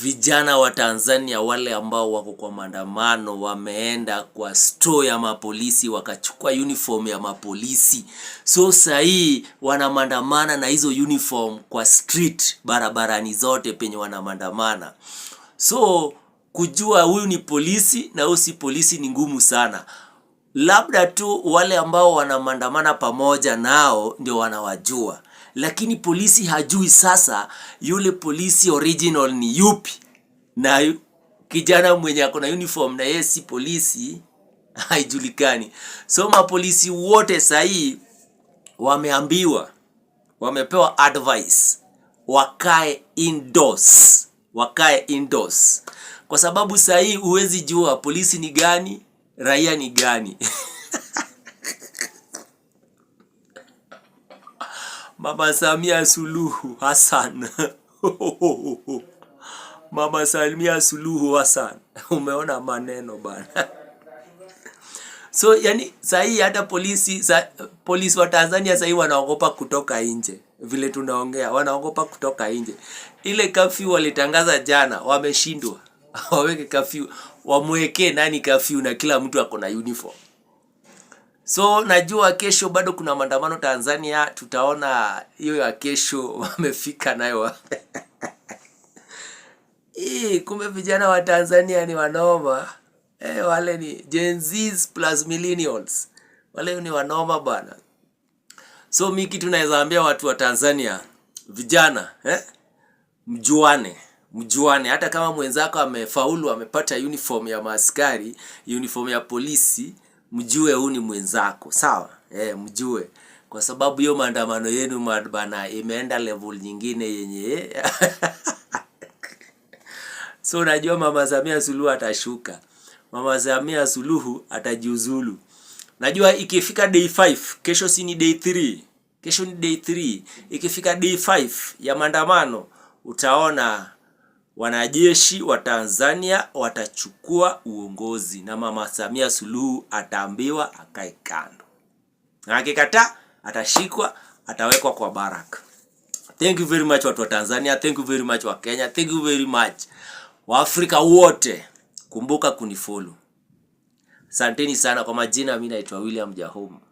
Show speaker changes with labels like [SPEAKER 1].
[SPEAKER 1] vijana wa Tanzania wale ambao wako kwa maandamano wameenda kwa store ya mapolisi wakachukua uniform ya mapolisi. So sahii wanamandamana na hizo uniform kwa street, barabarani zote penye wanamandamana. So kujua huyu ni polisi na huyu si polisi ni ngumu sana, labda tu wale ambao wanamandamana pamoja nao ndio wanawajua lakini polisi hajui sasa yule polisi original ni yupi, na kijana mwenye ako na uniform na yeye si polisi haijulikani. So mapolisi wote sahii wameambiwa, wamepewa advice wakae indoors, wakae indoors kwa sababu sahii huwezi jua polisi ni gani, raia ni gani. Mama Samia Suluhu Hassan Mama Samia Suluhu Hassan, umeona maneno bana. So yani sahii hata polisi sa, polisi wa Tanzania sahii wanaogopa kutoka nje, vile tunaongea wanaogopa kutoka nje. Ile kafyu walitangaza jana, wameshindwa waweke kafyu, wamwekee nani kafyu, na kila mtu ako na uniform. So najua kesho bado kuna maandamano Tanzania, tutaona hiyo ya kesho wamefika nayo. Hii kumbe vijana wa Tanzania ni wanoma. Eh, wale ni Gen Z plus millennials. Wale ni wanoma bana. So mi kitu naweza ambia watu wa Tanzania, vijana, eh? Mjuane, mjuane hata kama mwenzako amefaulu amepata uniform ya maaskari, uniform ya polisi mjue huu ni mwenzako, sawa eh, mjue kwa sababu hiyo maandamano yenu bana imeenda level nyingine yenye eh. so najua Mama Samia Suluhu atashuka, Mama Samia Suluhu atajiuzulu. Najua ikifika day 5 kesho, si ni day 3 kesho ni day 3 ikifika day 5 ya maandamano utaona wanajeshi wa Tanzania watachukua uongozi na Mama Samia Suluhu ataambiwa akae kando, na akikataa atashikwa, atawekwa kwa baraka. Thank you very much watu wa Tanzania, thank you very much wa Kenya, thank you very much Waafrika wote, kumbuka kunifollow. Asanteni sana kwa majina, mimi naitwa William Jahoma.